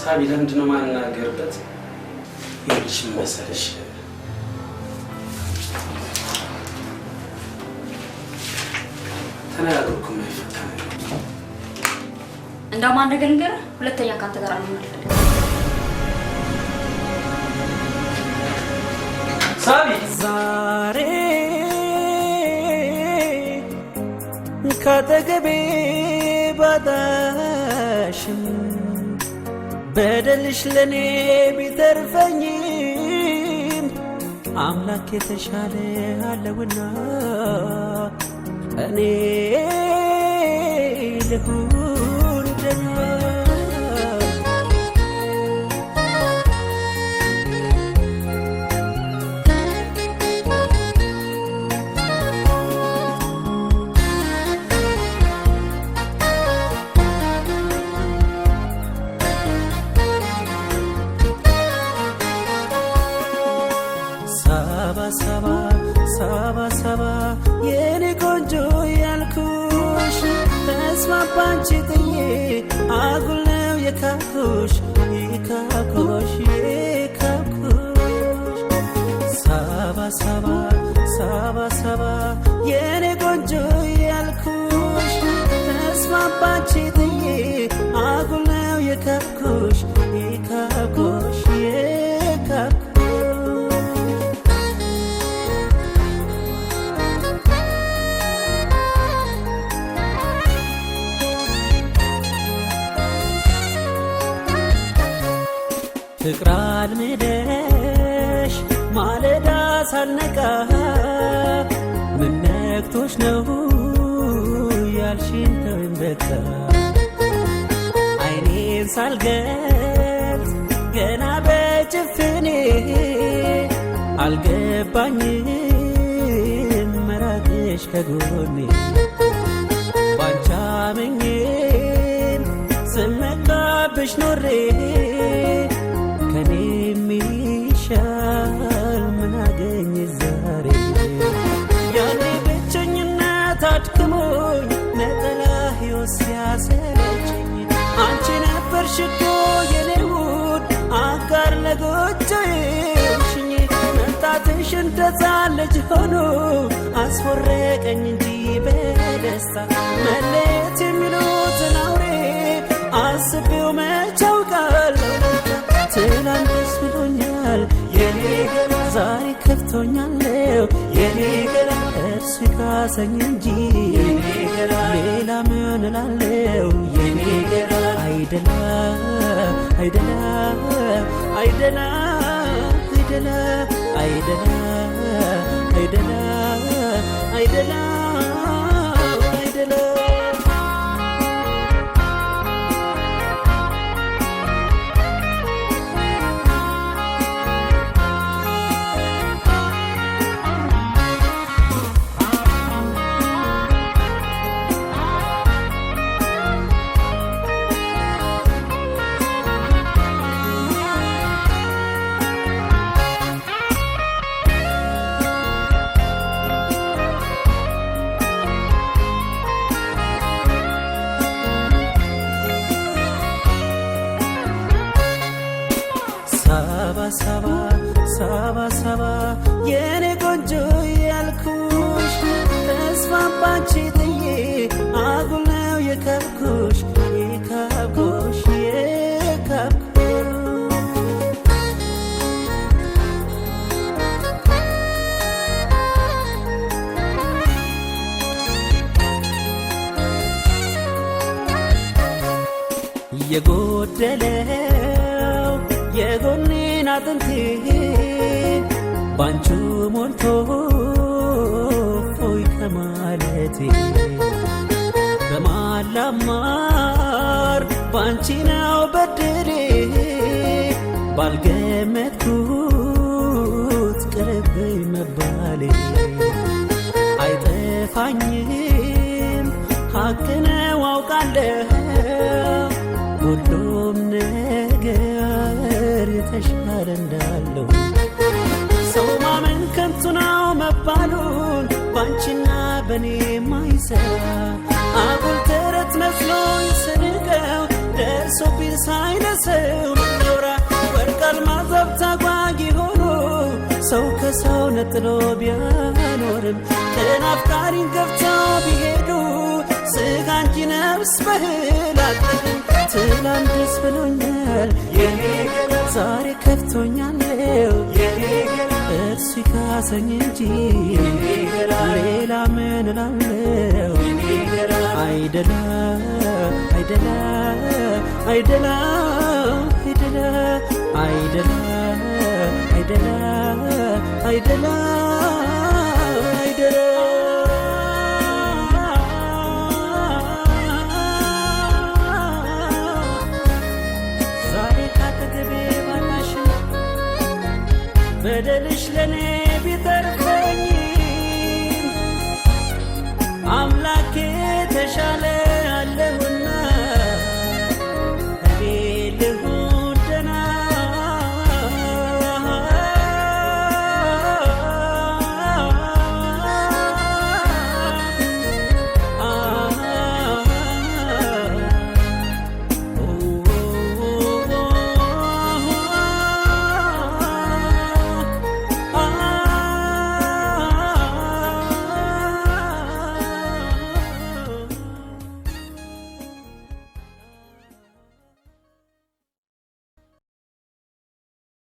ሳቢ ለምንድን ነው የማናገርበት? ይኸውልሽ ምን መሰለሽ እንደውም አንድ ነገር ንገረህ፣ ሁለተኛ ከአንተ ጋር ዛሬ ካጠገቤ ባጣሽም በደልሽ ለኔ ቢተርፈኝም አምላክ የተሻለ አለውና እኔ ልሁን ደና ባንቺ ጥዬ አጉል ነው የካብኩሽ የካብኩሽ የካብኩሽ ሳባ ሳባ ሳባ ሳባ ፍቅር አልምደሽ ማለዳ ሳልነቃ ምን ነክቶሽ ነው ያልሽን በቃ አይኔን ሳልገልጽ ገና በጭፍኔ አልገባኝም መራቅሽ ከጎኔ ባንቻ ምኜን ኖሬ ያሰለችኝ አንቺ ነበርሽ እኮ የኔ ውድ አጋር ለጎጆሽኝ መምጣትሽ እንደዛለች ሆኖ አስወረቀኝ እንጂ በደስታ መለየት የሚሉትን አውሬ አስቤው መቻው ቃለው ትናንትስ ብሎኛል የኔ ገና ዛሬ ከፍቶኛል የኔ ገና ሲካሰኝ እንጂ ሌላ ምን እላለው? አይደላ አይደላ አይደላ አይደላ አይደላ አይደላ አይደላ የጎደለው የጎኔን አጥንት ባንቹ ሞልቶ ፎይ ከማለት በማላማር ባንቺ ነው በድሌ ባልገመትኩት ቅርብኝ መባሌ አይጠፋኝም ሀቅ ነው አውቃለሁ በአንቺና በኔ ማይሰራ አጉል ተረት መስሎኝ ስንቀው ደርሶብኝ ሳይነሰው ምኖራ ወርቅ አልማዝ ተጓጊ ሆኖ ሰው ከሰው ነጥሎ ቢያኖርም ቀን አፍቃሪን ቢሄዱ ስጋ እንጂ ነፍስ በህል አጥቅም ትላንት ደስ ብሎኛል ዛሬ ከፍቶኛል ካሰኝ እንጂ ሌላ ምን ላምነው? አይደላ አይደላ ዛሬ ካጠገቤ ባናሽ በደልሽ ለኔ